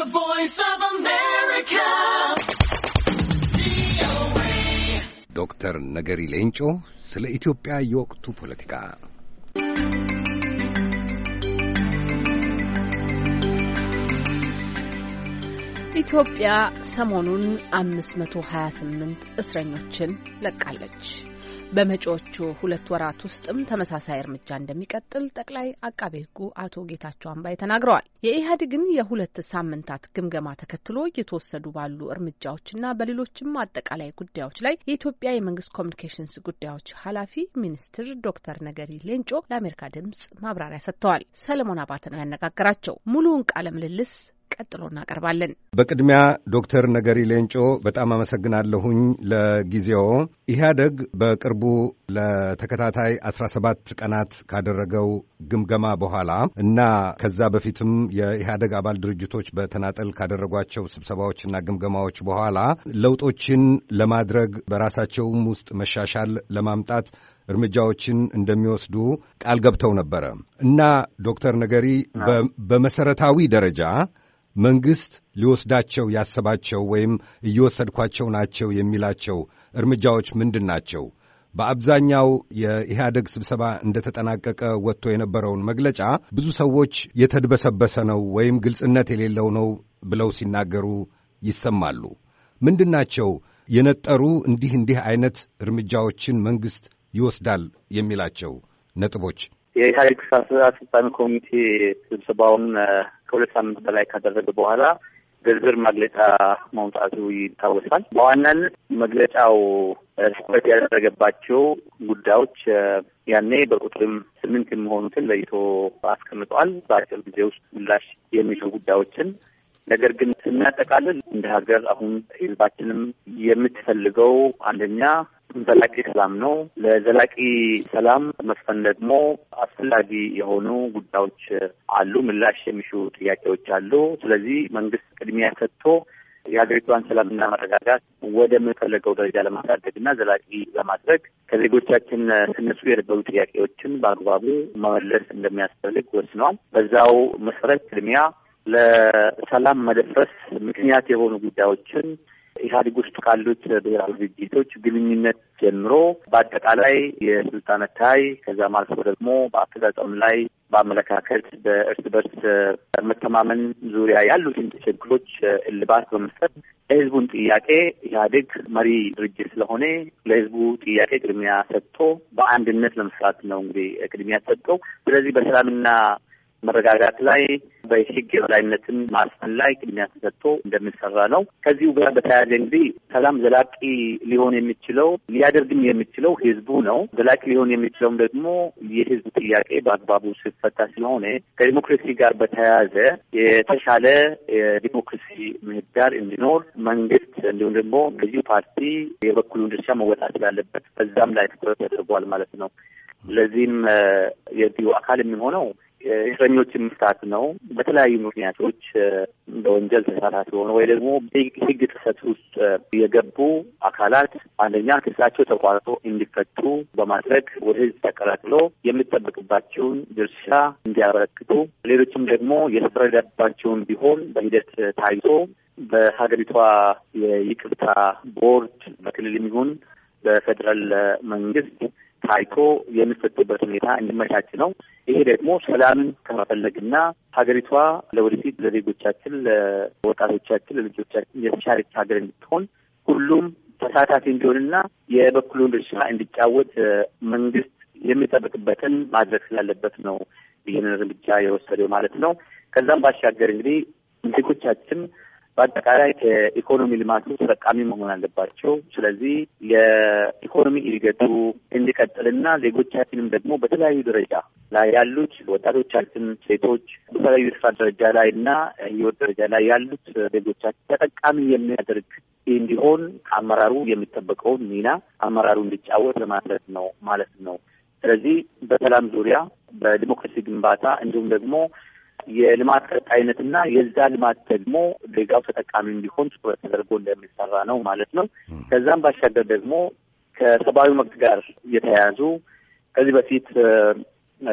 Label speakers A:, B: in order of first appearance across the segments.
A: The Voice of America. ዶክተር ነገሪ ሌንጮ ስለ ኢትዮጵያ የወቅቱ ፖለቲካ ኢትዮጵያ ሰሞኑን 528 እስረኞችን ለቃለች። በመጪዎቹ ሁለት ወራት ውስጥም ተመሳሳይ እርምጃ
B: እንደሚቀጥል ጠቅላይ አቃቤ ሕጉ አቶ ጌታቸው አምባይ ተናግረዋል። የኢህአዴግን የሁለት ሳምንታት
A: ግምገማ ተከትሎ እየተወሰዱ ባሉ እርምጃዎችና በሌሎችም አጠቃላይ ጉዳዮች ላይ የኢትዮጵያ የመንግስት ኮሚኒኬሽንስ ጉዳዮች ኃላፊ ሚኒስትር ዶክተር ነገሪ ሌንጮ ለአሜሪካ ድምጽ ማብራሪያ ሰጥተዋል። ሰለሞን አባተ ነው ያነጋገራቸው። ሙሉውን ቃለ ምልልስ ቀጥሎ እናቀርባለን። በቅድሚያ ዶክተር ነገሪ ሌንጮ በጣም አመሰግናለሁኝ ለጊዜው። ኢህአደግ በቅርቡ ለተከታታይ 17 ቀናት ካደረገው ግምገማ በኋላ እና ከዛ በፊትም የኢህአደግ አባል ድርጅቶች በተናጠል ካደረጓቸው ስብሰባዎችና ግምገማዎች በኋላ ለውጦችን ለማድረግ በራሳቸውም ውስጥ መሻሻል ለማምጣት እርምጃዎችን እንደሚወስዱ ቃል ገብተው ነበረ እና ዶክተር ነገሪ በመሰረታዊ ደረጃ መንግሥት ሊወስዳቸው ያሰባቸው ወይም እየወሰድኳቸው ናቸው የሚላቸው እርምጃዎች ምንድን ናቸው? በአብዛኛው የኢህአደግ ስብሰባ እንደተጠናቀቀ ወጥቶ የነበረውን መግለጫ ብዙ ሰዎች የተድበሰበሰ ነው ወይም ግልጽነት የሌለው ነው ብለው ሲናገሩ ይሰማሉ። ምንድን ናቸው የነጠሩ እንዲህ እንዲህ አይነት እርምጃዎችን መንግሥት ይወስዳል የሚላቸው ነጥቦች?
B: የኢህአዴግ ስራ አስፈጻሚ ኮሚቴ ስብሰባውን ከሁለት ሳምንት በላይ ካደረገ በኋላ ዝርዝር መግለጫ ማውጣቱ ይታወሳል። በዋናነት መግለጫው ትኩረት ያደረገባቸው ጉዳዮች ያኔ በቁጥርም ስምንት የሚሆኑትን ለይቶ አስቀምጠዋል። በአጭር ጊዜ ውስጥ ምላሽ የሚሹ ጉዳዮችን ነገር ግን ስናጠቃልል እንደ ሀገር አሁን ህዝባችንም የምትፈልገው አንደኛ ዘላቂ ሰላም ነው። ለዘላቂ ሰላም መስፈን ደግሞ አስፈላጊ የሆኑ ጉዳዮች አሉ፣ ምላሽ የሚሹ ጥያቄዎች አሉ። ስለዚህ መንግስት ቅድሚያ ሰጥቶ የሀገሪቷን ሰላምና መረጋጋት ወደምንፈለገው ደረጃ ለማሳደግና ዘላቂ ለማድረግ ከዜጎቻችን እነሱ የነበሩ ጥያቄዎችን በአግባቡ መመለስ እንደሚያስፈልግ ወስኗል። በዛው መሰረት ቅድሚያ ለሰላም መደፍረስ ምክንያት የሆኑ ጉዳዮችን ኢህአዴግ ውስጥ ካሉት ብሔራዊ ድርጅቶች ግንኙነት ጀምሮ በአጠቃላይ የስልጣን ታይ ከዛም አልፎ ደግሞ በአፈጻጸም ላይ በአመለካከት በእርስ በርስ መተማመን ዙሪያ ያሉትን ችግሮች እልባት በመስጠት የህዝቡን ጥያቄ ኢህአዴግ መሪ ድርጅት ስለሆነ ለህዝቡ ጥያቄ ቅድሚያ ሰጥቶ በአንድነት ለመስራት ነው እንግዲህ ቅድሚያ ሰጠው። ስለዚህ በሰላምና መረጋጋት ላይ በህግ የበላይነትን ማስፈን ላይ ቅድሚያ ተሰጥቶ እንደምንሰራ ነው። ከዚሁ ጋር በተያያዘ እንግዲህ ሰላም ዘላቂ ሊሆን የሚችለው ሊያደርግም የሚችለው ህዝቡ ነው። ዘላቂ ሊሆን የሚችለውም ደግሞ የህዝብ ጥያቄ በአግባቡ ሲፈታ ስለሆነ ከዲሞክራሲ ጋር በተያያዘ የተሻለ የዲሞክራሲ ምህዳር እንዲኖር መንግስት እንዲሁም ደግሞ ገዢው ፓርቲ የበኩሉን ድርሻ መወጣት ስላለበት በዛም ላይ ትኩረት ያደርጓል ማለት ነው። ለዚህም የዚሁ አካል የሚሆነው የእስረኞችን መፍታት ነው። በተለያዩ ምክንያቶች በወንጀል ተሳታፊ የሆኑ ወይ ደግሞ ሕግ ጥሰት ውስጥ የገቡ አካላት አንደኛ ክሳቸው ተቋርጦ እንዲፈቱ በማድረግ ወደ ሕዝብ ተቀላቅሎ የሚጠበቅባቸውን ድርሻ እንዲያበረክቱ፣ ሌሎችም ደግሞ የተፈረደባቸውን ቢሆን በሂደት ታይቶ በሀገሪቷ የይቅርታ ቦርድ በክልል የሚሆን በፌዴራል መንግስት ታይቶ የሚፈቱበት ሁኔታ እንዲመቻች ነው። ይሄ ደግሞ ሰላምን ከመፈለግና ሀገሪቷ ለወደፊት ለዜጎቻችን፣ ለወጣቶቻችን፣ ለልጆቻችን የተሻለች ሀገር እንድትሆን ሁሉም ተሳታፊ እንዲሆንና የበኩሉን ድርሻ እንዲጫወት መንግስት የሚጠብቅበትን ማድረግ ስላለበት ነው ይህንን እርምጃ የወሰደው ማለት ነው። ከዛም ባሻገር እንግዲህ ዜጎቻችን በአጠቃላይ ከኢኮኖሚ ልማቱ ተጠቃሚ መሆን አለባቸው። ስለዚህ የኢኮኖሚ እድገቱ እንዲቀጥልና ዜጎቻችንም ደግሞ በተለያዩ ደረጃ ላይ ያሉት ወጣቶቻችን፣ ሴቶች በተለያዩ የስራ ደረጃ ላይ እና ህይወት ደረጃ ላይ ያሉት ዜጎቻችን ተጠቃሚ የሚያደርግ እንዲሆን ከአመራሩ የሚጠበቀውን ሚና አመራሩ እንዲጫወት ለማለት ነው ማለት ነው። ስለዚህ በሰላም ዙሪያ በዲሞክራሲ ግንባታ እንዲሁም ደግሞ የልማት ቀጣይነትና የዛ ልማት ደግሞ ዜጋው ተጠቃሚ እንዲሆን ትኩረት ተደርጎ እንደሚሰራ ነው ማለት ነው። ከዛም ባሻገር ደግሞ ከሰብአዊ መብት ጋር የተያያዙ ከዚህ በፊት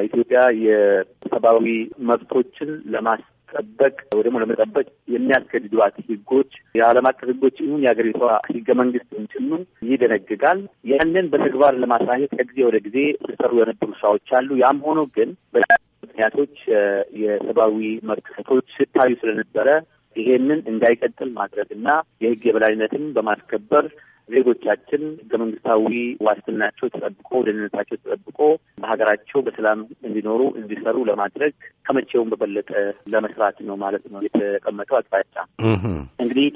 B: ኢትዮጵያ የሰብአዊ መብቶችን ለማስጠበቅ ወይ ደግሞ ለመጠበቅ የሚያስገድዷት ህጎች የዓለም አቀፍ ህጎች ይሁን የሀገሪቷ ህገ መንግስት እንችኑ ይደነግጋል። ያንን በተግባር ለማሳየት ከጊዜ ወደ ጊዜ ሲሰሩ የነበሩ ስራዎች አሉ። ያም ሆኖ ግን ምክንያቶች የሰብአዊ መብት ጥሰቶች ሲታዩ ስለነበረ ይሄንን እንዳይቀጥል ማድረግ እና የህግ የበላይነትን በማስከበር ዜጎቻችን ህገ መንግስታዊ ዋስትናቸው ተጠብቆ ደህንነታቸው ተጠብቆ በሀገራቸው በሰላም እንዲኖሩ እንዲሰሩ ለማድረግ ከመቼውም በበለጠ ለመስራት ነው ማለት ነው የተቀመጠው አቅጣጫ። እንግዲህ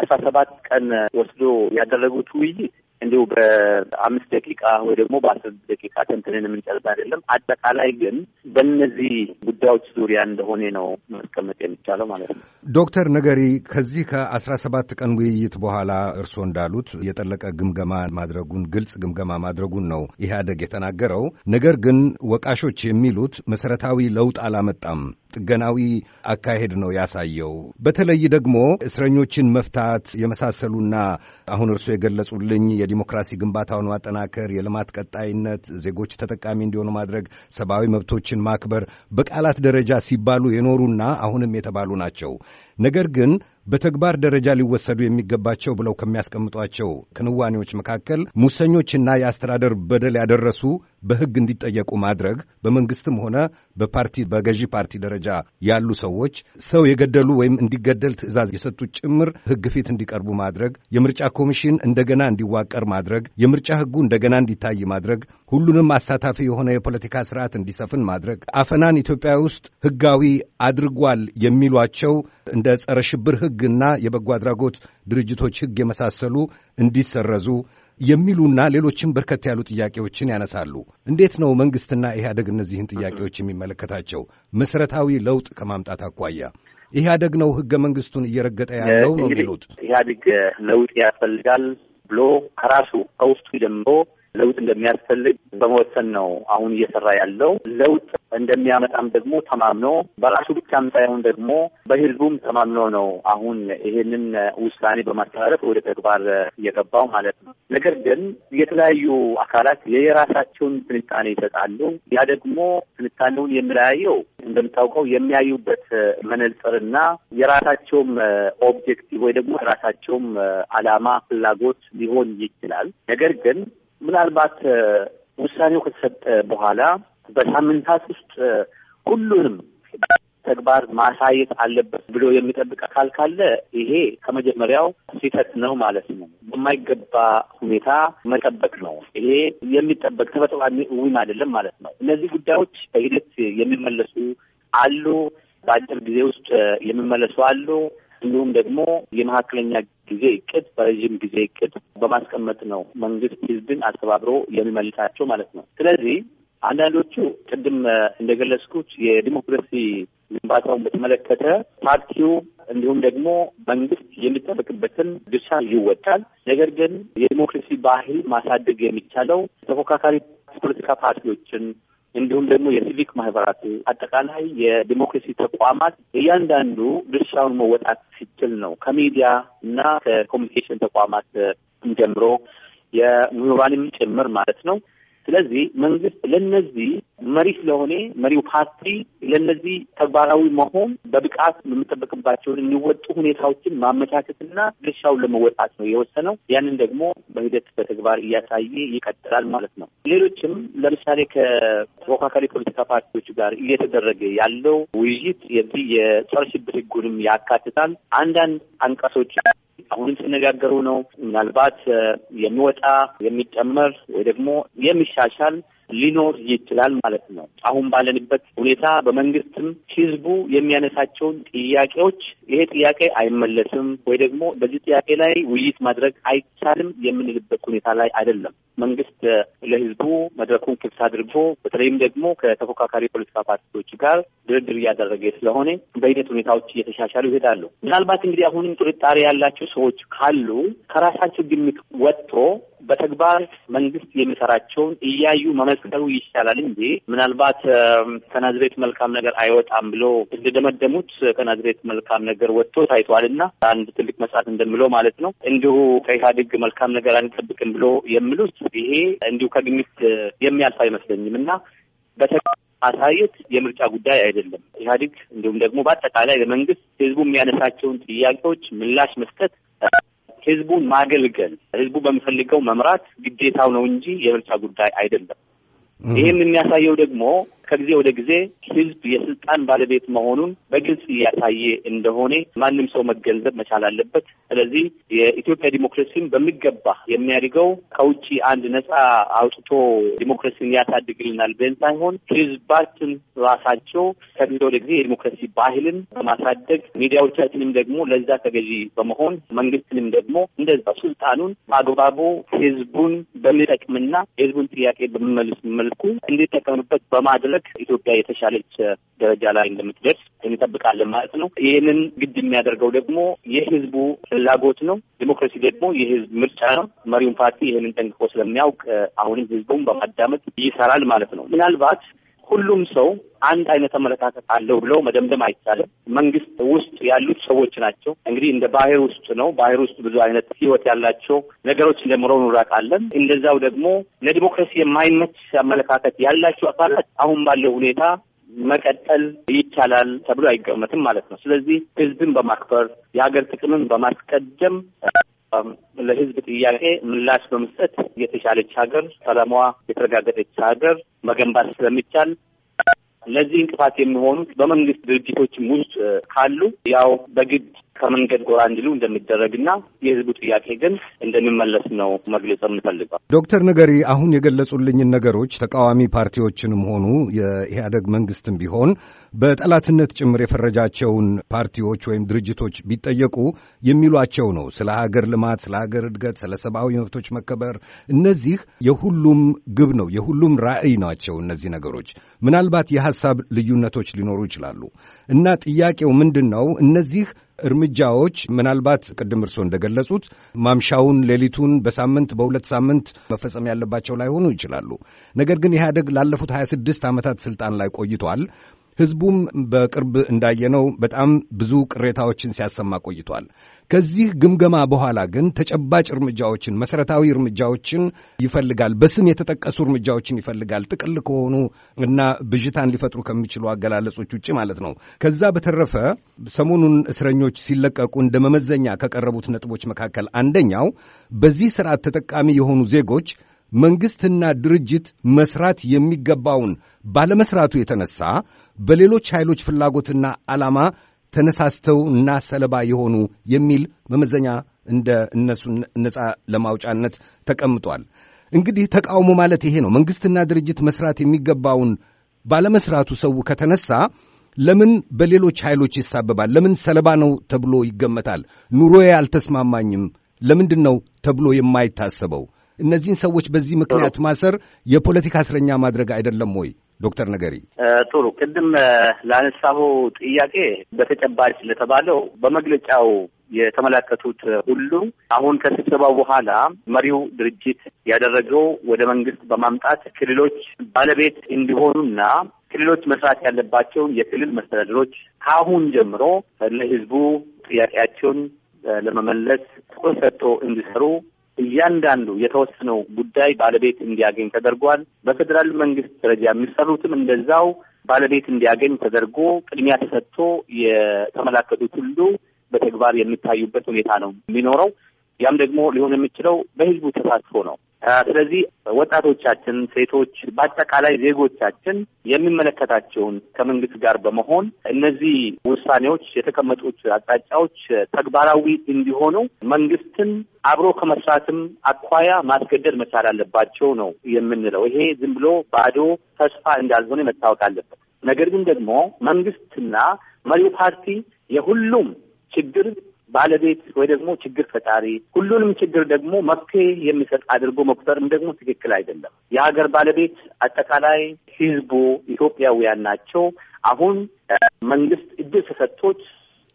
B: አስራ ሰባት ቀን ወስዶ ያደረጉት ውይይት እንዲሁ በአምስት ደቂቃ ወይ ደግሞ በአስር ደቂቃ ተንትንን የምንጨርስ አይደለም። አጠቃላይ ግን በእነዚህ ጉዳዮች ዙሪያ እንደሆነ ነው ማስቀመጥ የሚቻለው ማለት ነው።
A: ዶክተር ነገሪ ከዚህ ከአስራ ሰባት ቀን ውይይት በኋላ እርስዎ እንዳሉት የጠለቀ ግምገማ ማድረጉን ግልጽ ግምገማ ማድረጉን ነው ኢህአደግ የተናገረው። ነገር ግን ወቃሾች የሚሉት መሰረታዊ ለውጥ አላመጣም ጥገናዊ አካሄድ ነው ያሳየው። በተለይ ደግሞ እስረኞችን መፍታት የመሳሰሉና አሁን እርሱ የገለጹልኝ የዲሞክራሲ ግንባታውን ማጠናከር፣ የልማት ቀጣይነት፣ ዜጎች ተጠቃሚ እንዲሆኑ ማድረግ፣ ሰብአዊ መብቶችን ማክበር በቃላት ደረጃ ሲባሉ የኖሩና አሁንም የተባሉ ናቸው። ነገር ግን በተግባር ደረጃ ሊወሰዱ የሚገባቸው ብለው ከሚያስቀምጧቸው ክንዋኔዎች መካከል ሙሰኞችና የአስተዳደር በደል ያደረሱ በሕግ እንዲጠየቁ ማድረግ፣ በመንግስትም ሆነ በፓርቲ በገዢ ፓርቲ ደረጃ ያሉ ሰዎች ሰው የገደሉ ወይም እንዲገደል ትዕዛዝ የሰጡት ጭምር ሕግ ፊት እንዲቀርቡ ማድረግ፣ የምርጫ ኮሚሽን እንደገና እንዲዋቀር ማድረግ፣ የምርጫ ሕጉ እንደገና እንዲታይ ማድረግ፣ ሁሉንም አሳታፊ የሆነ የፖለቲካ ስርዓት እንዲሰፍን ማድረግ፣ አፈናን ኢትዮጵያ ውስጥ ሕጋዊ አድርጓል የሚሏቸው እንደ ጸረ ሽብር ሕግ ሕግና የበጎ አድራጎት ድርጅቶች ሕግ የመሳሰሉ እንዲሰረዙ የሚሉና ሌሎችም በርከት ያሉ ጥያቄዎችን ያነሳሉ። እንዴት ነው መንግሥትና ኢህአደግ እነዚህን ጥያቄዎች የሚመለከታቸው? መሠረታዊ ለውጥ ከማምጣት አኳያ ኢህአደግ ነው ህገ መንግሥቱን እየረገጠ ያለው ነው የሚሉት።
B: ኢህአዴግ ለውጥ ያስፈልጋል ብሎ ከራሱ ከውስጡ ጀምሮ ለውጥ እንደሚያስፈልግ በመወሰን ነው አሁን እየሰራ ያለው። ለውጥ እንደሚያመጣም ደግሞ ተማምኖ በራሱ ብቻም ሳይሆን ደግሞ በህዝቡም ተማምኖ ነው አሁን ይሄንን ውሳኔ በማስተላለፍ ወደ ተግባር እየገባው ማለት ነው። ነገር ግን የተለያዩ አካላት የራሳቸውን ትንታኔ ይሰጣሉ። ያ ደግሞ ትንታኔውን የሚለያየው እንደምታውቀው የሚያዩበት መነጽርና የራሳቸውም ኦብጀክቲቭ ወይ ደግሞ የራሳቸውም አላማ ፍላጎት ሊሆን ይችላል። ነገር ግን ምናልባት ውሳኔው ከተሰጠ በኋላ በሳምንታት ውስጥ ሁሉንም ተግባር ማሳየት አለበት ብሎ የሚጠብቅ አካል ካለ ይሄ ከመጀመሪያው ስህተት ነው ማለት ነው። በማይገባ ሁኔታ መጠበቅ ነው። ይሄ የሚጠበቅ ተፈጥሯዊም አይደለም ማለት ነው። እነዚህ ጉዳዮች በሂደት የሚመለሱ አሉ፣ በአጭር ጊዜ ውስጥ የሚመለሱ አሉ። እንዲሁም ደግሞ የመካከለኛ ጊዜ እቅድ፣ በረዥም ጊዜ እቅድ በማስቀመጥ ነው መንግስት ህዝብን አስተባብሮ የሚመልሳቸው ማለት ነው። ስለዚህ አንዳንዶቹ ቅድም እንደገለጽኩት የዲሞክራሲ ግንባታውን በተመለከተ ፓርቲው እንዲሁም ደግሞ መንግስት የሚጠበቅበትን ድርሻ ይወጣል። ነገር ግን የዲሞክራሲ ባህል ማሳደግ የሚቻለው ተፎካካሪ ፖለቲካ ፓርቲዎችን እንዲሁም ደግሞ የሲቪክ ማህበራት አጠቃላይ የዲሞክራሲ ተቋማት እያንዳንዱ ድርሻውን መወጣት ሲችል ነው። ከሚዲያ እና ከኮሚኒኬሽን ተቋማት ጀምሮ የምሁራንም ጭምር ማለት ነው ስለዚህ መንግስት ለነዚህ መሪ ስለሆነ መሪው ፓርቲ ለነዚህ ተግባራዊ መሆን በብቃት የምጠበቅባቸውን የሚወጡ ሁኔታዎችን ማመቻቸትና ድርሻውን ለመወጣት ነው የወሰነው። ያንን ደግሞ በሂደት በተግባር እያሳየ ይቀጥላል ማለት ነው። ሌሎችም ለምሳሌ ከተፎካካሪ ፖለቲካ ፓርቲዎች ጋር እየተደረገ ያለው ውይይት የዚህ የጸረ ሽብር ህጉንም ያካትታል። አንዳንድ አንቀሶች አሁንም ተነጋገሩ ነው። ምናልባት የሚወጣ የሚጠመር ወይ ደግሞ የሚሻሻል ሊኖር ይችላል ማለት ነው። አሁን ባለንበት ሁኔታ በመንግስትም ህዝቡ የሚያነሳቸውን ጥያቄዎች ይሄ ጥያቄ አይመለስም ወይ ደግሞ በዚህ ጥያቄ ላይ ውይይት ማድረግ አይቻልም የምንልበት ሁኔታ ላይ አይደለም። መንግስት ለህዝቡ መድረኩን ክፍት አድርጎ በተለይም ደግሞ ከተፎካካሪ ፖለቲካ ፓርቲዎች ጋር ድርድር እያደረገ ስለሆነ በሂደት ሁኔታዎች እየተሻሻሉ ይሄዳሉ። ምናልባት እንግዲህ አሁንም ጥርጣሬ ያላቸው ሰዎች ካሉ ከራሳቸው ግምት ወጥቶ በተግባር መንግስት የሚሰራቸውን እያዩ መመስከሩ ይቻላል እንጂ ምናልባት ከናዝሬት መልካም ነገር አይወጣም ብሎ እንደደመደሙት ከናዝሬት መልካም ነገር ወጥቶ ታይቷል እና አንድ ትልቅ መጽሐፍ እንደምለው ማለት ነው እንዲሁ ከኢህአዴግ መልካም ነገር አንጠብቅም ብሎ የሚሉት ይሄ እንዲሁ ከግምት የሚያልፍ አይመስለኝም እና በተ ማሳየት የምርጫ ጉዳይ አይደለም። ኢህአዴግ እንዲሁም ደግሞ በአጠቃላይ ለመንግስት ህዝቡ የሚያነሳቸውን ጥያቄዎች ምላሽ መስጠት ህዝቡን ማገልገል፣ ህዝቡ በሚፈልገው መምራት ግዴታው ነው እንጂ የምርጫ ጉዳይ አይደለም። ይህም የሚያሳየው ደግሞ ከጊዜ ወደ ጊዜ ህዝብ የስልጣን ባለቤት መሆኑን በግልጽ እያሳየ እንደሆነ ማንም ሰው መገንዘብ መቻል አለበት። ስለዚህ የኢትዮጵያ ዲሞክራሲን በሚገባ የሚያድገው ከውጭ አንድ ነጻ አውጥቶ ዲሞክራሲን ያሳድግልናል ብለን ሳይሆን ህዝባችን ራሳቸው ከጊዜ ወደ ጊዜ የዲሞክራሲ ባህልን በማሳደግ ሚዲያዎቻችንም ደግሞ ለዛ ተገዢ በመሆን መንግስትንም ደግሞ እንደዛ ስልጣኑን አግባቡ ህዝቡን በሚጠቅምና የህዝቡን ጥያቄ በሚመልስ መልኩ እንዲጠቀምበት በማድረግ በማድረግ ኢትዮጵያ የተሻለች ደረጃ ላይ እንደምትደርስ እንጠብቃለን ማለት ነው። ይህንን ግድ የሚያደርገው ደግሞ የህዝቡ ፍላጎት ነው። ዲሞክራሲ ደግሞ የህዝብ ምርጫ ነው። መሪውን ፓርቲ ይህንን ጠንቅቆ ስለሚያውቅ አሁንም ህዝቡን በማዳመጥ ይሰራል ማለት ነው። ምናልባት ሁሉም ሰው አንድ አይነት አመለካከት አለው ብለው መደምደም አይቻልም። መንግስት ውስጥ ያሉት ሰዎች ናቸው። እንግዲህ እንደ ባህር ውስጥ ነው። ባህር ውስጥ ብዙ አይነት ህይወት ያላቸው ነገሮች እንደምረው እንራቃለን። እንደዛው ደግሞ ለዲሞክራሲ የማይመች አመለካከት ያላቸው አካላት አሁን ባለው ሁኔታ መቀጠል ይቻላል ተብሎ አይገመትም ማለት ነው። ስለዚህ ህዝብን በማክበር የሀገር ጥቅምን በማስቀደም ለህዝብ ጥያቄ ምላሽ በመስጠት የተሻለች ሀገር፣ ሰላሟ የተረጋገጠች ሀገር መገንባት ስለሚቻል ለዚህ እንቅፋት የሚሆኑት በመንግስት ድርጅቶችም ውስጥ ካሉ ያው በግድ ከመንገድ ጎራ እንዲሉ እንደሚደረግና የህዝቡ ጥያቄ ግን እንደሚመለስ ነው መግለጽ የምፈልገው።
A: ዶክተር ነገሪ አሁን የገለጹልኝን ነገሮች ተቃዋሚ ፓርቲዎችንም ሆኑ የኢህአደግ መንግስትም ቢሆን በጠላትነት ጭምር የፈረጃቸውን ፓርቲዎች ወይም ድርጅቶች ቢጠየቁ የሚሏቸው ነው። ስለ ሀገር ልማት፣ ስለ ሀገር እድገት፣ ስለ ሰብአዊ መብቶች መከበር እነዚህ የሁሉም ግብ ነው፣ የሁሉም ራዕይ ናቸው። እነዚህ ነገሮች ምናልባት የሀሳብ ልዩነቶች ሊኖሩ ይችላሉ እና ጥያቄው ምንድን ነው እነዚህ እርምጃዎች ምናልባት ቅድም እርስዎ እንደገለጹት ማምሻውን፣ ሌሊቱን፣ በሳምንት በሁለት ሳምንት መፈጸም ያለባቸው ላይሆኑ ይችላሉ። ነገር ግን ኢህአደግ ላለፉት 26 ዓመታት ስልጣን ላይ ቆይቷል። ህዝቡም በቅርብ እንዳየነው በጣም ብዙ ቅሬታዎችን ሲያሰማ ቆይቷል። ከዚህ ግምገማ በኋላ ግን ተጨባጭ እርምጃዎችን፣ መሰረታዊ እርምጃዎችን ይፈልጋል። በስም የተጠቀሱ እርምጃዎችን ይፈልጋል። ጥቅል ከሆኑ እና ብዥታን ሊፈጥሩ ከሚችሉ አገላለጾች ውጭ ማለት ነው። ከዛ በተረፈ ሰሞኑን እስረኞች ሲለቀቁ እንደ መመዘኛ ከቀረቡት ነጥቦች መካከል አንደኛው በዚህ ስርዓት ተጠቃሚ የሆኑ ዜጎች መንግስትና ድርጅት መስራት የሚገባውን ባለመስራቱ የተነሳ በሌሎች ኃይሎች ፍላጎትና ዓላማ እና ሰለባ የሆኑ የሚል መመዘኛ እንደ እነሱ ነፃ ለማውጫነት ተቀምጧል። እንግዲህ ተቃውሞ ማለት ይሄ ነው። መንግሥትና ድርጅት መስራት የሚገባውን ባለመስራቱ ሰው ከተነሳ ለምን በሌሎች ኃይሎች ይሳበባል? ለምን ሰለባ ነው ተብሎ ይገመታል? ኑሮዬ አልተስማማኝም ለምንድን ነው ተብሎ የማይታሰበው? እነዚህን ሰዎች በዚህ ምክንያት ማሰር የፖለቲካ እስረኛ ማድረግ አይደለም ወይ? ዶክተር ነገሪ
B: ጥሩ ቅድም ላነሳሁ ጥያቄ በተጨባጭ ለተባለው በመግለጫው የተመለከቱት ሁሉ አሁን ከስብሰባው በኋላ መሪው ድርጅት ያደረገው ወደ መንግስት በማምጣት ክልሎች ባለቤት እንዲሆኑና ክልሎች መስራት ያለባቸውን የክልል መስተዳድሮች ከአሁን ጀምሮ ለህዝቡ ጥያቄያቸውን ለመመለስ ትኩረት ሰጥቶ እንዲሰሩ እያንዳንዱ የተወሰነው ጉዳይ ባለቤት እንዲያገኝ ተደርጓል። በፌዴራል መንግስት ደረጃ የሚሰሩትም እንደዛው ባለቤት እንዲያገኝ ተደርጎ ቅድሚያ ተሰጥቶ የተመላከቱት ሁሉ በተግባር የሚታዩበት ሁኔታ ነው የሚኖረው። ያም ደግሞ ሊሆን የሚችለው በህዝቡ ተሳትፎ ነው። ስለዚህ ወጣቶቻችን፣ ሴቶች፣ በአጠቃላይ ዜጎቻችን የሚመለከታቸውን ከመንግስት ጋር በመሆን እነዚህ ውሳኔዎች፣ የተቀመጡት አቅጣጫዎች ተግባራዊ እንዲሆኑ መንግስትን አብሮ ከመስራትም አኳያ ማስገደድ መቻል አለባቸው ነው የምንለው። ይሄ ዝም ብሎ ባዶ ተስፋ እንዳልሆነ መታወቅ አለበት። ነገር ግን ደግሞ መንግስትና መሪው ፓርቲ የሁሉም ችግር ባለቤት ወይ ደግሞ ችግር ፈጣሪ፣ ሁሉንም ችግር ደግሞ መፍትሄ የሚሰጥ አድርጎ መቁጠርም ደግሞ ትክክል አይደለም። የሀገር ባለቤት አጠቃላይ ህዝቡ ኢትዮጵያውያን ናቸው። አሁን መንግስት እድል ተሰጥቶት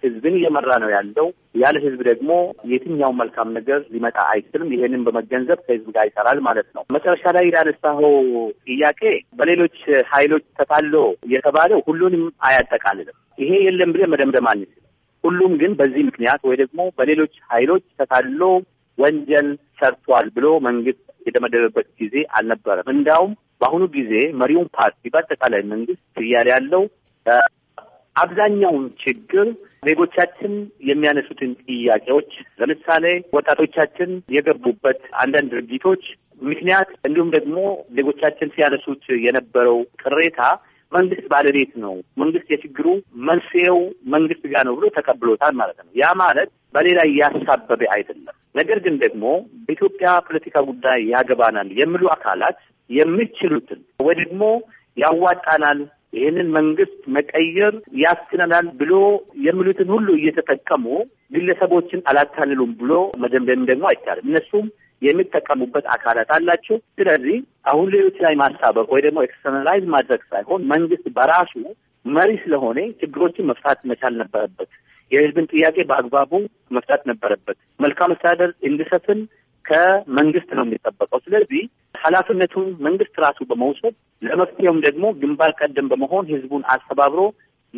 B: ህዝብን እየመራ ነው ያለው። ያለ ህዝብ ደግሞ የትኛው መልካም ነገር ሊመጣ አይችልም። ይሄንን በመገንዘብ ከህዝብ ጋር ይሰራል ማለት ነው። መጨረሻ ላይ ያነሳኸው ጥያቄ በሌሎች ሀይሎች ተታሎ የተባለው ሁሉንም አያጠቃልልም። ይሄ የለም ብለህ መደምደም አንችልም። ሁሉም ግን በዚህ ምክንያት ወይ ደግሞ በሌሎች ኃይሎች ተታሎ ወንጀል ሰርቷል ብሎ መንግስት የተመደበበት ጊዜ አልነበረም። እንዲያውም በአሁኑ ጊዜ መሪውን ፓርቲ በአጠቃላይ መንግስት እያለ ያለው አብዛኛውን ችግር ዜጎቻችን የሚያነሱትን ጥያቄዎች ለምሳሌ ወጣቶቻችን የገቡበት አንዳንድ ድርጊቶች ምክንያት እንዲሁም ደግሞ ዜጎቻችን ሲያነሱት የነበረው ቅሬታ መንግስት ባለቤት ነው። መንግስት የችግሩ መንስኤው መንግስት ጋር ነው ብሎ ተቀብሎታል ማለት ነው። ያ ማለት በሌላ እያሳበበ አይደለም። ነገር ግን ደግሞ በኢትዮጵያ ፖለቲካ ጉዳይ ያገባናል የሚሉ አካላት የሚችሉትን ወይ ደግሞ ያዋጣናል ይህንን መንግስት መቀየር ያስችለናል ብሎ የሚሉትን ሁሉ እየተጠቀሙ ግለሰቦችን አላታልሉም ብሎ መደምደም ደግሞ አይቻልም። እነሱም የሚጠቀሙበት አካላት አላቸው። ስለዚህ አሁን ሌሎች ላይ ማሳበቅ ወይ ደግሞ ኤክስተርናላይዝ ማድረግ ሳይሆን መንግስት በራሱ መሪ ስለሆነ ችግሮችን መፍታት መቻል ነበረበት። የህዝብን ጥያቄ በአግባቡ መፍታት ነበረበት። መልካም አስተዳደር እንዲሰፍን ከመንግስት ነው የሚጠበቀው። ስለዚህ ኃላፊነቱን መንግስት ራሱ በመውሰድ ለመፍትሄውም ደግሞ ግንባር ቀደም በመሆን ህዝቡን አስተባብሮ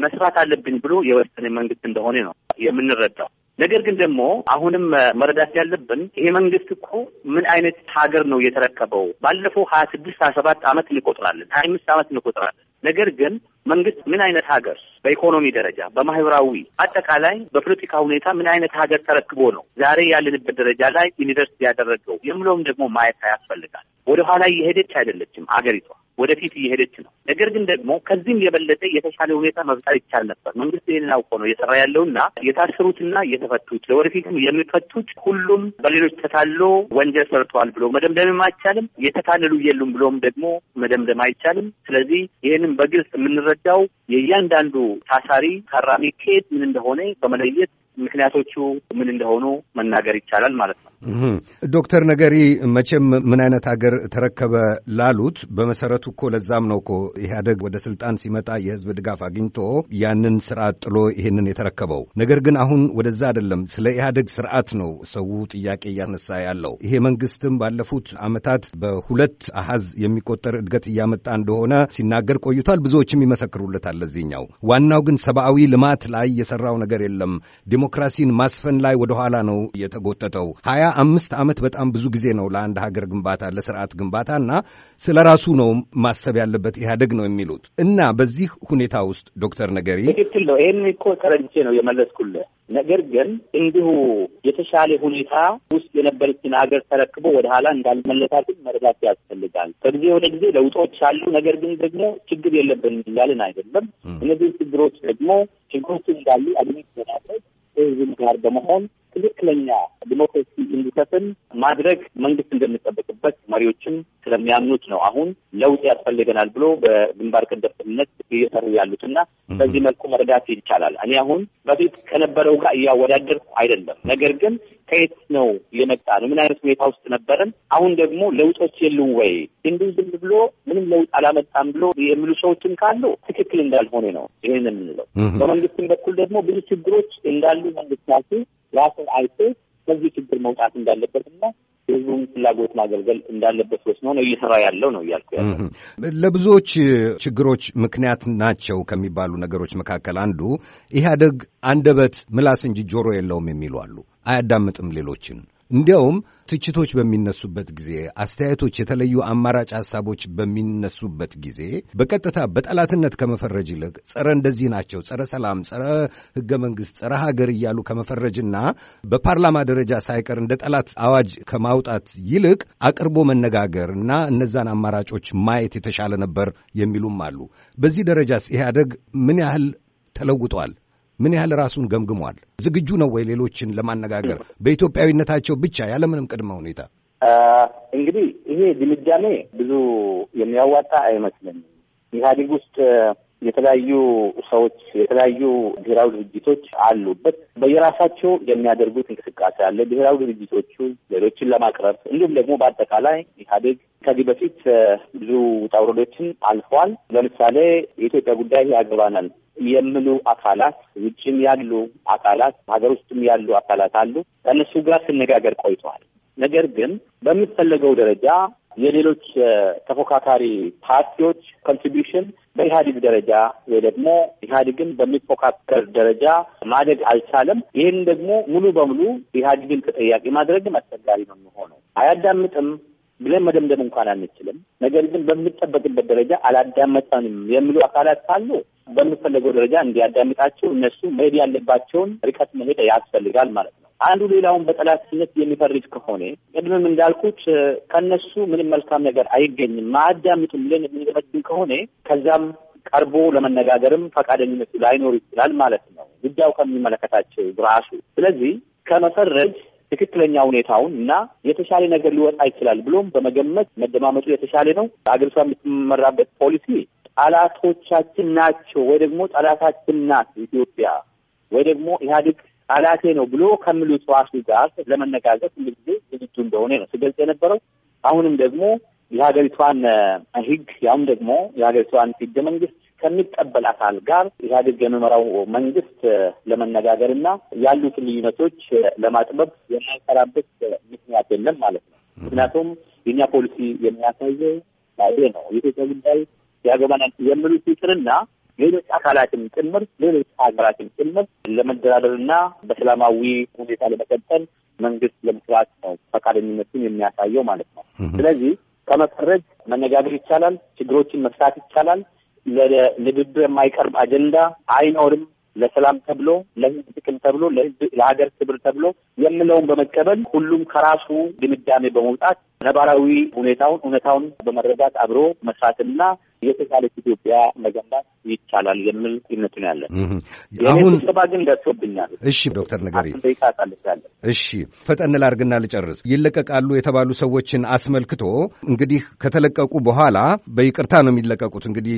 B: መስራት አለብኝ ብሎ የወሰነ መንግስት እንደሆነ ነው የምንረዳው። ነገር ግን ደግሞ አሁንም መረዳት ያለብን ይሄ መንግስት እኮ ምን አይነት ሀገር ነው የተረከበው? ባለፈው ሀያ ስድስት ሀያ ሰባት አመት እንቆጥራለን ሀያ አምስት አመት እንቆጥራለን። ነገር ግን መንግስት ምን አይነት ሀገር በኢኮኖሚ ደረጃ በማህበራዊ አጠቃላይ በፖለቲካ ሁኔታ ምን አይነት ሀገር ተረክቦ ነው ዛሬ ያለንበት ደረጃ ላይ ዩኒቨርሲቲ ያደረገው የምለውም ደግሞ ማየት ያስፈልጋል። ወደኋላ እየሄደች አይደለችም አገሪቷ ወደፊት እየሄደች ነው። ነገር ግን ደግሞ ከዚህም የበለጠ የተሻለ ሁኔታ መፍጠር ይቻል ነበር። መንግስት ይህንን አውቆ ነው እየሰራ ያለውና የታሰሩትና የተፈቱት ለወደፊትም የሚፈቱት ሁሉም በሌሎች ተታሎ ወንጀል ሰርተዋል ብሎ መደምደምም አይቻልም። የተታለሉ የሉም ብሎም ደግሞ መደምደም አይቻልም። ስለዚህ ይህንም በግልጽ የምንረ የሚረዳው የእያንዳንዱ ታሳሪ ታራሚ ከየት ምን እንደሆነ በመለየት ምክንያቶቹ ምን እንደሆኑ መናገር ይቻላል ማለት ነው።
A: ዶክተር ነገሪ መቼም ምን አይነት ሀገር ተረከበ ላሉት በመሰረቱ እኮ ለዛም ነው እኮ ኢህአደግ ወደ ስልጣን ሲመጣ የህዝብ ድጋፍ አግኝቶ ያንን ስርዓት ጥሎ ይህንን የተረከበው። ነገር ግን አሁን ወደዛ አይደለም፣ ስለ ኢህአደግ ስርዓት ነው ሰው ጥያቄ እያነሳ ያለው። ይሄ መንግስትም ባለፉት አመታት በሁለት አሃዝ የሚቆጠር እድገት እያመጣ እንደሆነ ሲናገር ቆይቷል። ብዙዎችም ይመሰክሩለታል። ለዚህኛው ዋናው ግን ሰብአዊ ልማት ላይ የሰራው ነገር የለም። ዲሞክራሲን ማስፈን ላይ ወደኋላ ነው የተጎተተው። ሀያ አምስት ዓመት በጣም ብዙ ጊዜ ነው ለአንድ ሀገር ግንባታ፣ ለስርዓት ግንባታ እና ስለ ራሱ ነው ማሰብ ያለበት ኢህአደግ ነው የሚሉት እና በዚህ ሁኔታ ውስጥ ዶክተር ነገሪ
B: ትክክል ነው። ይህን እኮ ተረድቼ ነው የመለስኩልህ። ነገር ግን እንዲሁ የተሻለ ሁኔታ ውስጥ የነበረችን ሀገር ተረክቦ ወደ ኋላ እንዳልመለሳትን መረዳት ያስፈልጋል። ከጊዜ ወደ ጊዜ ለውጦች አሉ። ነገር ግን ደግሞ ችግር የለብን እያልን አይደለም። እነዚህ ችግሮች ደግሞ ችግሮች እንዳሉ አድሚት በማድረግ የህዝብ ጋር በመሆን ትክክለኛ ዲሞክራሲ እንዲሰፍን ማድረግ መንግስት እንደሚጠበቅበት መሪዎችም ስለሚያምኑት ነው። አሁን ለውጥ ያስፈልገናል ብሎ በግንባር ቀደምትነት እየሰሩ ያሉትና በዚህ መልኩ መረዳት ይቻላል። እኔ አሁን በፊት ከነበረው ጋር እያወዳደርኩ አይደለም። ነገር ግን ከየት ነው የመጣ ነው? ምን አይነት ሁኔታ ውስጥ ነበረን? አሁን ደግሞ ለውጦች የሉም ወይ? እንዲሁ ዝም ብሎ ምንም ለውጥ አላመጣም ብሎ የሚሉ ሰዎችም ካሉ ትክክል እንዳልሆነ ነው ይህን የምንለው። በመንግስትም በኩል ደግሞ ብዙ ችግሮች እንዳሉ መንግስት ራስን አይቶ ከዚህ ችግር መውጣት እንዳለበት እና የህዝቡን ፍላጎት ማገልገል እንዳለበት ወስኖ ነው እየሰራ ያለው ነው እያልኩ
A: ያለ። ለብዙዎች ችግሮች ምክንያት ናቸው ከሚባሉ ነገሮች መካከል አንዱ ኢህአደግ አንደበት ምላስ እንጂ ጆሮ የለውም የሚሉ አሉ። አያዳምጥም ሌሎችን እንዲያውም ትችቶች በሚነሱበት ጊዜ፣ አስተያየቶች፣ የተለዩ አማራጭ ሀሳቦች በሚነሱበት ጊዜ በቀጥታ በጠላትነት ከመፈረጅ ይልቅ ጸረ እንደዚህ ናቸው፣ ጸረ ሰላም፣ ጸረ ሕገ መንግሥት፣ ጸረ ሀገር እያሉ ከመፈረጅና በፓርላማ ደረጃ ሳይቀር እንደ ጠላት አዋጅ ከማውጣት ይልቅ አቅርቦ መነጋገር እና እነዛን አማራጮች ማየት የተሻለ ነበር የሚሉም አሉ። በዚህ ደረጃስ ኢህአደግ ምን ያህል ተለውጧል? ምን ያህል ራሱን ገምግሟል? ዝግጁ ነው ወይ ሌሎችን ለማነጋገር በኢትዮጵያዊነታቸው ብቻ ያለምንም ቅድመ ሁኔታ?
B: እንግዲህ ይሄ ድምዳሜ ብዙ የሚያዋጣ አይመስለኝም። ኢህአዴግ ውስጥ የተለያዩ ሰዎች የተለያዩ ብሔራዊ ድርጅቶች አሉበት። በየራሳቸው የሚያደርጉት እንቅስቃሴ አለ። ብሔራዊ ድርጅቶቹ ሌሎችን ለማቅረብ እንዲሁም ደግሞ በአጠቃላይ ኢህአዴግ ከዚህ በፊት ብዙ ውጣ ውረዶችን አልፏል። ለምሳሌ የኢትዮጵያ ጉዳይ ያገባናል የሚሉ አካላት ውጭም ያሉ አካላት ሀገር ውስጥም ያሉ አካላት አሉ። ከእነሱ ጋር ስነጋገር ቆይተዋል። ነገር ግን በሚፈለገው ደረጃ የሌሎች ተፎካካሪ ፓርቲዎች ኮንትሪቢሽን በኢህአዴግ ደረጃ ወይ ደግሞ ኢህአዴግን በሚፎካከር ደረጃ ማደግ አልቻለም። ይህን ደግሞ ሙሉ በሙሉ ኢህአዴግን ተጠያቂ ማድረግም አስቸጋሪ ነው የሚሆነው። አያዳምጥም ብለን መደምደም እንኳን አንችልም። ነገር ግን በምጠበቅበት ደረጃ አላዳመጠንም የሚሉ አካላት ካሉ በምፈለገው ደረጃ እንዲያዳምጣቸው እነሱ መሄድ ያለባቸውን ርቀት መሄድ ያስፈልጋል ማለት ነው። አንዱ ሌላውን በጠላትነት የሚፈርጅ ከሆነ ቅድምም እንዳልኩት ከነሱ ምንም መልካም ነገር አይገኝም። ማያዳምጡም ብለን የምንገመድም ከሆነ ከዛም ቀርቦ ለመነጋገርም ፈቃደኝነቱ ላይኖር ይችላል ማለት ነው ጉዳዩ ከሚመለከታቸው ራሱ። ስለዚህ ከመፈረጅ ትክክለኛ ሁኔታውን እና የተሻለ ነገር ሊወጣ ይችላል ብሎም በመገመት መደማመጡ የተሻለ ነው። አገሪቷ የምትመራበት ፖሊሲ ጠላቶቻችን ናቸው ወይ ደግሞ ጠላታችን ናት ኢትዮጵያ ወይ ደግሞ ኢህአዴግ ጠላቴ ነው ብሎ ከሚሉ ጽዋሱ ጋር ለመነጋገር ሁሉ ጊዜ ዝግጁ እንደሆነ ነው ሲገልጽ የነበረው። አሁንም ደግሞ የሀገሪቷን ህግ ያውም ደግሞ የሀገሪቷን ሕገ መንግስት ከሚቀበል አካል ጋር ኢህአዴግ የሚመራው መንግስት ለመነጋገር እና ያሉትን ልዩነቶች ለማጥበብ የማይሰራበት ምክንያት የለም ማለት ነው። ምክንያቱም የኛ ፖሊሲ የሚያሳየው ይሄ ነው፣ የኢትዮጵያ ጉዳይ ያገባናል የሚሉት ይቅርና ሌሎች አካላትም ጭምር ሌሎች ሀገራትም ጭምር ለመደራደርና በሰላማዊ ሁኔታ ለመቀጠል መንግስት ለመስራት ነው ፈቃደኝነቱን የሚያሳየው ማለት ነው። ስለዚህ ከመፈረጅ መነጋገር ይቻላል። ችግሮችን መፍታት ይቻላል። ለድርድር የማይቀርብ አጀንዳ አይኖርም። ለሰላም ተብሎ ለህዝብ ጥቅም ተብሎ ለህዝብ ለሀገር ክብር ተብሎ የምለውን በመቀበል ሁሉም ከራሱ ድምዳሜ በመውጣት ነባራዊ ሁኔታውን እውነታውን በመረዳት አብሮ መስራትና የተሻለች ኢትዮጵያ መገንባት ይቻላል የሚል ግምት ነው ያለን። አሁን ስባ ግን ደርሶብኛል።
A: እሺ ዶክተር ነገሪ እሺ ፈጠን ላርግና ልጨርስ። ይለቀቃሉ የተባሉ ሰዎችን አስመልክቶ እንግዲህ ከተለቀቁ በኋላ በይቅርታ ነው የሚለቀቁት። እንግዲህ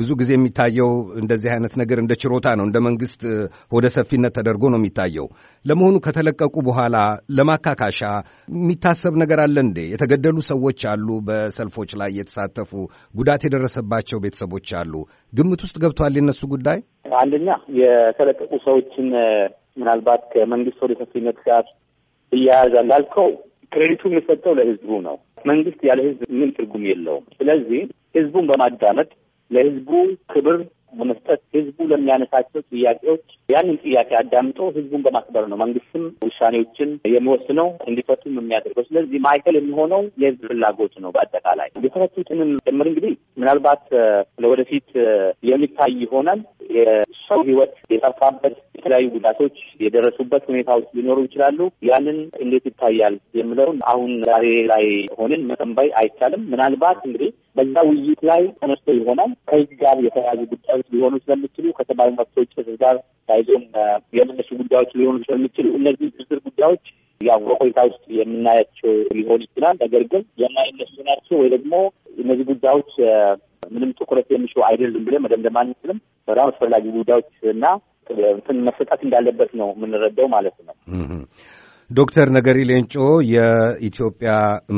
A: ብዙ ጊዜ የሚታየው እንደዚህ አይነት ነገር እንደ ችሮታ ነው፣ እንደ መንግስት ወደ ሰፊነት ተደርጎ ነው የሚታየው። ለመሆኑ ከተለቀቁ በኋላ ለማካካሻ የሚታሰብ ነገር አለ እንዴ? የተገደሉ ሰዎች አሉ፣ በሰልፎች ላይ የተሳተፉ ጉዳት የደረሰ የደረሰባቸው ቤተሰቦች አሉ። ግምት ውስጥ ገብቷል የነሱ ጉዳይ?
B: አንደኛ የተለቀቁ ሰዎችን ምናልባት ከመንግስት ወደ ሰፊነት ጋር እያያዝ እንዳልከው ክሬዲቱ የሚሰጠው ለህዝቡ ነው። መንግስት ያለ ህዝብ ምን ትርጉም የለውም። ስለዚህ ህዝቡን በማዳመጥ ለህዝቡ ክብር በመስጠት ህዝቡ ለሚያነሳቸው ጥያቄዎች ያንን ጥያቄ አዳምጦ ህዝቡን በማክበር ነው መንግስትም ውሳኔዎችን የሚወስነው እንዲፈቱም የሚያደርገው። ስለዚህ ማዕከል የሚሆነው የህዝብ ፍላጎት ነው። በአጠቃላይ የተፈቱትንም ጭምር እንግዲህ ምናልባት ለወደፊት የሚታይ ይሆናል። የሰው ህይወት የጠፋበት የተለያዩ ጉዳቶች የደረሱበት ሁኔታዎች ሊኖሩ ይችላሉ። ያንን እንዴት ይታያል የሚለውን አሁን ዛሬ ላይ ሆንን መጠንባይ አይቻልም። ምናልባት እንግዲህ በዛ ውይይት ላይ ተነስቶ ይሆናል ከህግ ጋር የተያያዙ ጉዳዮች ሊሆኑ ስለሚችሉ ከሰብአዊ መብቶች ጋር ታይዞም የምነሱ ጉዳዮች ሊሆኑ ስለሚችሉ እነዚህ ዝርዝር ጉዳዮች ያው በቆይታ ውስጥ የምናያቸው ሊሆን ይችላል። ነገር ግን የማይነሱ ናቸው ወይ ደግሞ እነዚህ ጉዳዮች ምንም ትኩረት የሚሹ አይደሉም ብለን መደምደም አንችልም። በጣም አስፈላጊ ጉዳዮች እና መሰጣት እንዳለበት ነው የምንረዳው ማለት ነው።
A: ዶክተር ነገሪ ሌንጮ የኢትዮጵያ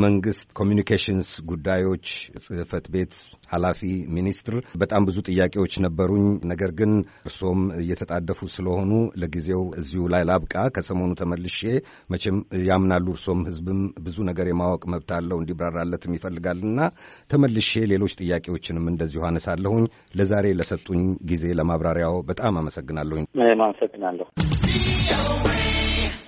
A: መንግስት ኮሚኒኬሽንስ ጉዳዮች ጽህፈት ቤት ኃላፊ ሚኒስትር፣ በጣም ብዙ ጥያቄዎች ነበሩኝ። ነገር ግን እርሶም እየተጣደፉ ስለሆኑ ለጊዜው እዚሁ ላይ ላብቃ። ከሰሞኑ ተመልሼ መቼም ያምናሉ እርሶም ህዝብም ብዙ ነገር የማወቅ መብት አለው እንዲብራራለትም ይፈልጋልና ተመልሼ ሌሎች ጥያቄዎችንም እንደዚሁ አነሳለሁኝ። ለዛሬ ለሰጡኝ ጊዜ ለማብራሪያው በጣም አመሰግናለሁኝ።
B: አመሰግናለሁ።